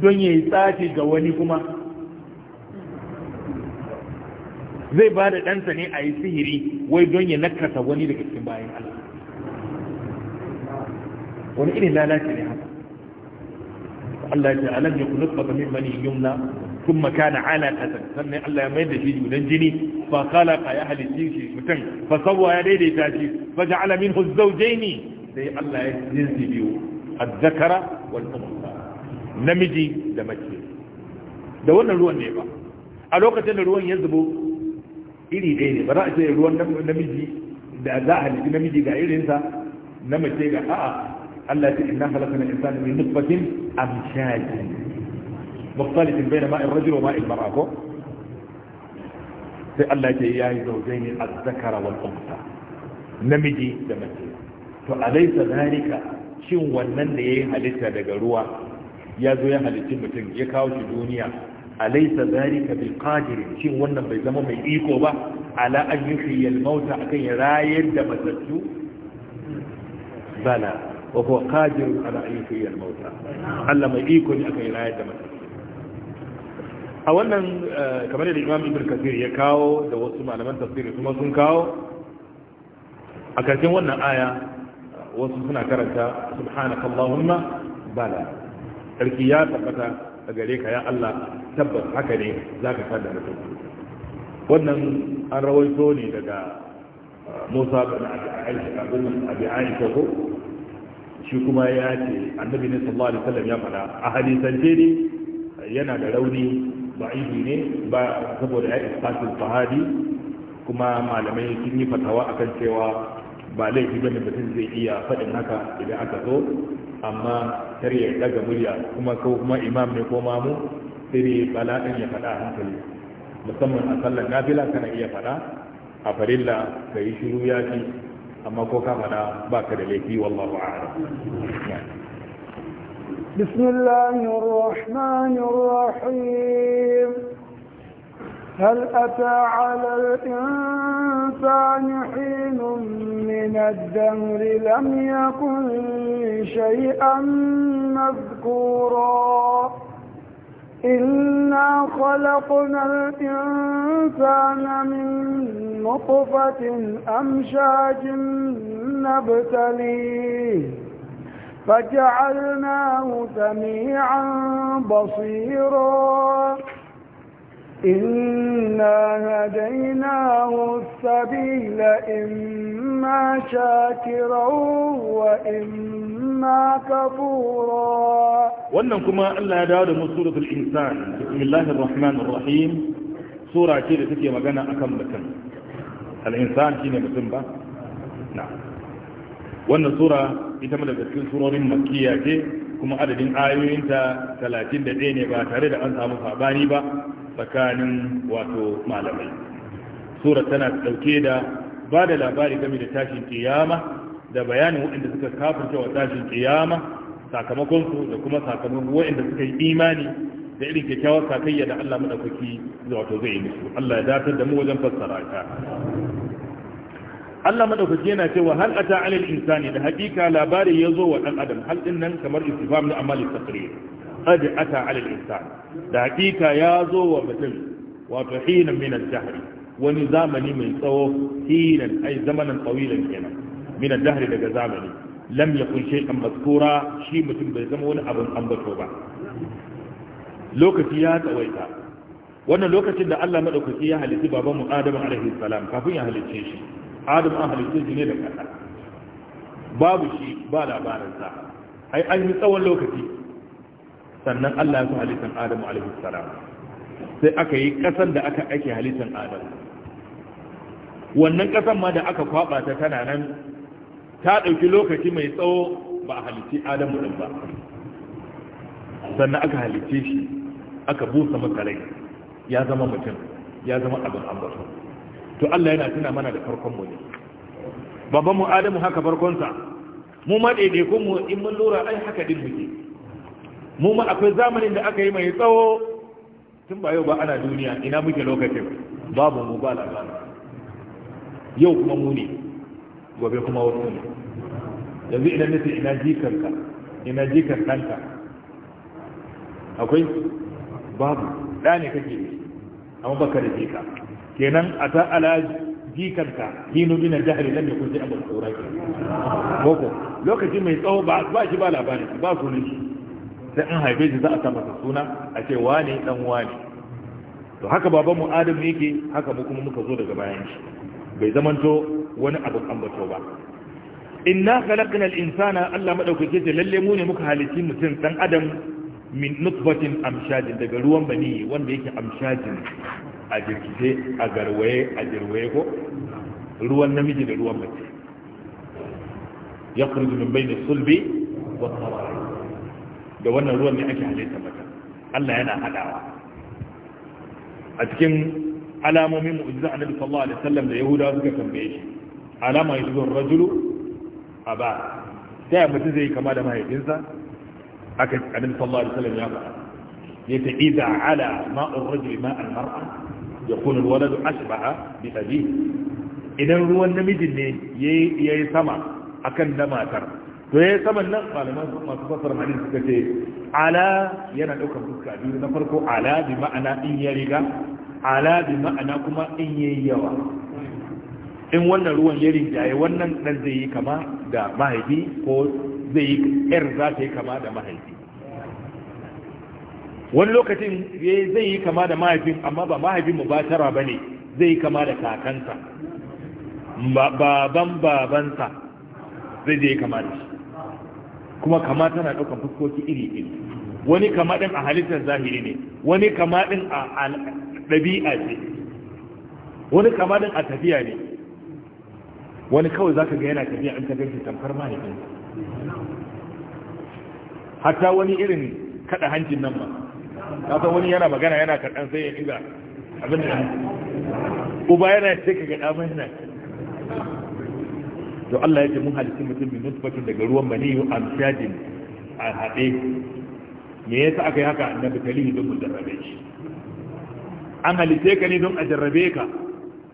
don ya yi tsafi ga wani kuma zai ba da ɗansa ne a yi sihiri wai don ya nakasa wani daga cikin bayan Allah wani irin lalace ne haka Allah ya ce alam yakunu fa min mani yumna sun makana alaƙatan sannan Allah ya mai da shi junan jini ba khalaqa ya halitti shi mutum fa sawwa ya daidaita shi ba fa ja'ala minhu zawjaini sai Allah ya jinsi biyu a zakara wani unsa namiji da mace da wannan ruwan ne ba a lokacin da ruwan ya zubo iri ɗaya ne ba za a ce ruwan namiji da za a halitti namiji ga irinsa na mace ga a'a Allah ya ce ina inna khalaqna insana min nutfatin amshajin mukhtalifin bayna ma'in da wa ma'in mar'a ko sai Allah ya yayi zaujaini az-zakara wal unsa namiji da mace to alaysa zalika shin wannan da yayi halitta daga ruwa ya zo ya halitta mutum ya kawo shi duniya alaysa zalika bil qadir shin wannan bai zama mai iko ba ala an yuhyi al mauta akan ya rayar da matattu bala wa huwa qadir mauta Allah mai iko ne da a wannan eh, kamar da imam ibn kasir ya kawo da wasu malaman tafsiri kuma sun kawo a karshen wannan aya wasu suna karanta subhanakallahumma bala sarki ya tabbata a gare ka ya Allah tabbas haka ne zaka sada da wannan an rawaito ne daga eh, Musa bin Abi Aisha ko shi kuma ya ce annabi ne sallallahu alaihi wasallam ya fada a hadisan ne yana da rauni baidi ne ba saboda ya isfatin fahadi kuma malamai sun yi fatawa akan cewa ba laifi bane mutum zai iya faɗin haka idan aka so amma kar ya daga murya kuma ko kuma imam ne ko mamu sai bala bala'in ya faɗa hankali musamman a sallar nafila kana iya faɗa a farilla ka yi shiru ya amma ko ka faɗa ba ka da laifi wallahu a'lam بسم الله الرحمن الرحيم هل أتى على الإنسان حين من الدهر لم يكن شيئا مذكورا إنا خلقنا الإنسان من نطفة أمشاج نبتليه فجعلناه سميعا بصيرا إنا هديناه السبيل إما شاكرا وإما كفورا وأنكما ألا داد من سورة الإنسان بسم الله الرحمن الرحيم سورة كيرة تتيا مغانا أكم بكم الإنسان كيني بسمبا نعم wannan sura ita mana da cikin surorin makkiya ce kuma adadin ayoyinta 31 ne ba tare da an samu sabani ba tsakanin wato malamai sura tana dauke da ba da labari game da tashin kiyama da bayanin waɗanda suka kafirce wa tashin kiyama sakamakonsu, da kuma sakamakon waɗanda suka yi imani da irin kyakkyawar sakayya da Allah madaukaki wato zai yi musu Allah ya dafar da mu wajen fassara ta Allah madaukaki yana cewa hal ata alal insani da hakika labari ya zo wa dan adam hal din nan kamar istifham na amal tafsir qad ata alal insani da hakika ya zo wa mutum wato hina min al-dahr wani zamani mai tsawo hinan ai zamanin tsawilan kenan min al-dahr daga zamani lam yakun shay'an mazkura shi mutum bai zama wani abun ambato ba lokaci ya tsawaita wannan lokacin da Allah madaukaki ya halitta babanmu Adam alaihi salam kafin ya halicce shi adam an halittu shi ne da ƙasa babu shi ba sa ai an yi tsawon lokaci sannan Allah ya fi halittun adam alaihi salam sai aka yi ƙasan da aka ake halittun adam wannan ƙasan ma da aka kwaba ta tana nan ta ɗauki lokaci mai tsawo ba a halitti adamu ɗin ba sannan aka halitte shi aka busa masa rai ya zama mutum ya zama abin ambaton to Allah yana tuna mana da farkon mu ne baban mu Adamu haka farkonsa mu ma kun mu in mun lura ai haka din muke mu ma akwai zamanin da aka yi mai tsawo tun ba yau ba ana duniya ina muke lokacin babu mu ba labari yau kuma mu ne gobe kuma wasu ne yanzu idan nace ina jikarka ina jikar ɗanka akwai babu ɗa ne kake amma baka da jika kenan a ta ala jikanka hinu mina jahari lam yakun sai abu tsoraki koko lokaci mai tsawo ba ba shi ba labarin, ba sunan shi sai an haife shi za a sa suna a ce wane dan wane to haka baban mu adam yake haka mu kuma muka zo daga bayan shi bai zamanto wani abu ambato ba inna khalaqna al-insana Allah madaukake ce lalle mu ne muka halitti mutum dan adam min nutfatin amshajin daga ruwan bani wanda yake amshajin a jirkice a garwaye a jirwaye ko ruwan namiji da ruwan mace ya kurzu min bai da sulbi wa kawai da wannan ruwan ne ake halitta mata Allah yana hadawa a cikin alamomin mu'jiza annabi sallallahu alaihi wasallam da yahudawa suka tambaye shi alama yuzur rajulu aba sai mutum zai kama da mahaifinsa aka annabi sallallahu alaihi wasallam ya faɗa ya yata'idha ala ma'ur rajuli ma'al mar'a ya kuna waladu ashbaha bi idan ruwan namijin ne yi sama akan da matar to yi saman nan malaman masu fasar hadisi suka ce ala yana daukar fuska biyu na farko ala bi ma'ana in ya riga ala bi ma'ana kuma in yi yawa in wannan ruwan ya rinjaye wannan dan zai yi kama da mahaifi ko zai yi yar za ta yi kama da mahaifi wani lokacin zai yi kama da mahaifin amma ba mahaifin mu tara ba ne zai yi kama da kakansa baban babansa zai je kama da shi kuma kama tana ɗaukar fuskoki iri iri wani kama ɗin a halittar zahiri ne wani kama ɗin a ɗabi'a ce wani kama ɗin a tafiya ne wani kawai za ka ga yana tafiya in ka gaji tamfar mahaifin hatta wani irin kada hancin nan ba ka san wani yana magana yana karɗan sai ya inga abin da uba yana ce ka ga dama yana to Allah ya ce mun halitta mutum min nutfatin daga ruwan maniyu shajin a haɗe me yasa aka yi haka annabi kalihi don mu jarrabe shi an halitta ka ne don a jarrabe ka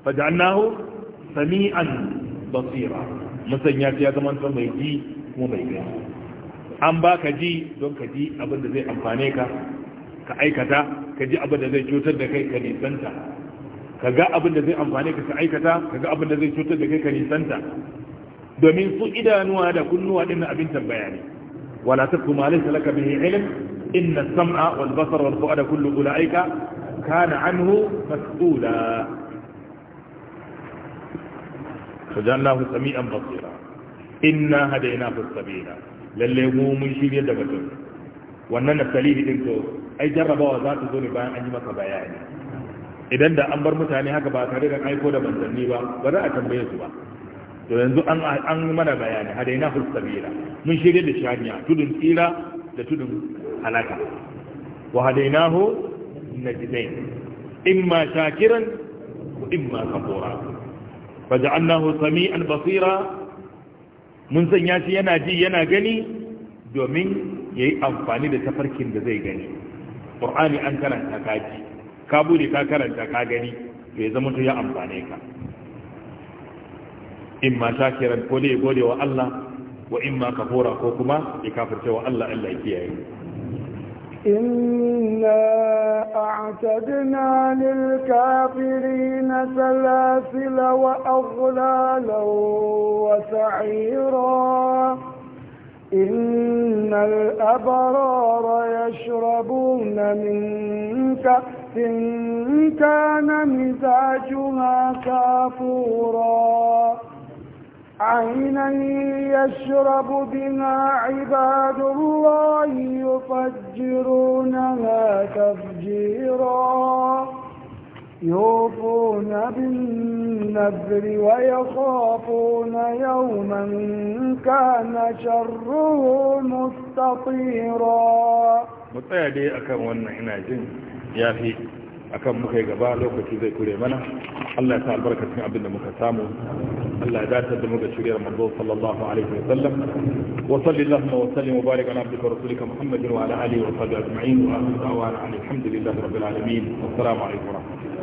fa ja'alnahu sami'an basira musanya ya zama mai ji kuma mai gani an ba ka ji don ka ji abin da zai amfane ka ka aikata ka ji abin da zai cutar da kai ka nisanta ka ga abin da zai amfani ka ka aikata ka ga abin da zai cutar da kai ka nisanta domin su idanuwa da kunnuwa din abin tambaya ne wala takku ma laysa laka bihi ilm inna as-sam'a wal basara wal fu'ada kullu ulaika kana anhu mas'ula fajallahu sami'an basira inna hadaynahu as-sabila lalle mu mun shirye da batun wannan nasalihi din to ai jarrabawa za ta zo ne bayan an yi maka bayani idan da an bar mutane haka ba tare da aiko da manzanni ba ba za a tambaye su ba to yanzu an an mana bayani hada ina fulsabira mun shirye da shaniya tudun tsira da tudun halaka wa hadainahu najdain imma shakiran wa imma kafura faja'alnahu sami'an basira mun sanya shi yana ji yana gani domin yayi amfani da tafarkin da zai gani qur'ani an karanta ka ji ka bude ka karanta ka gani to ya zama to ya amfane ka in ma shakiran ko dai gode wa Allah wa in ma kafura ko kuma ya kafirce wa Allah Allah ya kiyaye إنا أعتدنا للكافرين سلاسل وأغلالا وسعيرا إن الأبرار يشربون من كأس كان مزاجها كافورا عينا يشرب بها عباد الله يفجرونها تفجيرا يوفون بالنذر ويخافون يوما كان شره مستطيرا متأي دي أكام وانا هنا جن يا اخي أكام مخي قبالو كتي زي كوري منا الله تعال بركة من عبدنا مكسامو الله ذات الدمودة شرير مرضو صلى الله عليه وسلم وصل اللهم وسلم وبارك على عبدك ورسولك محمد وعلى آله وصحبه أجمعين وآخر دعوانا عن الحمد لله رب العالمين والسلام عليكم ورحمة الله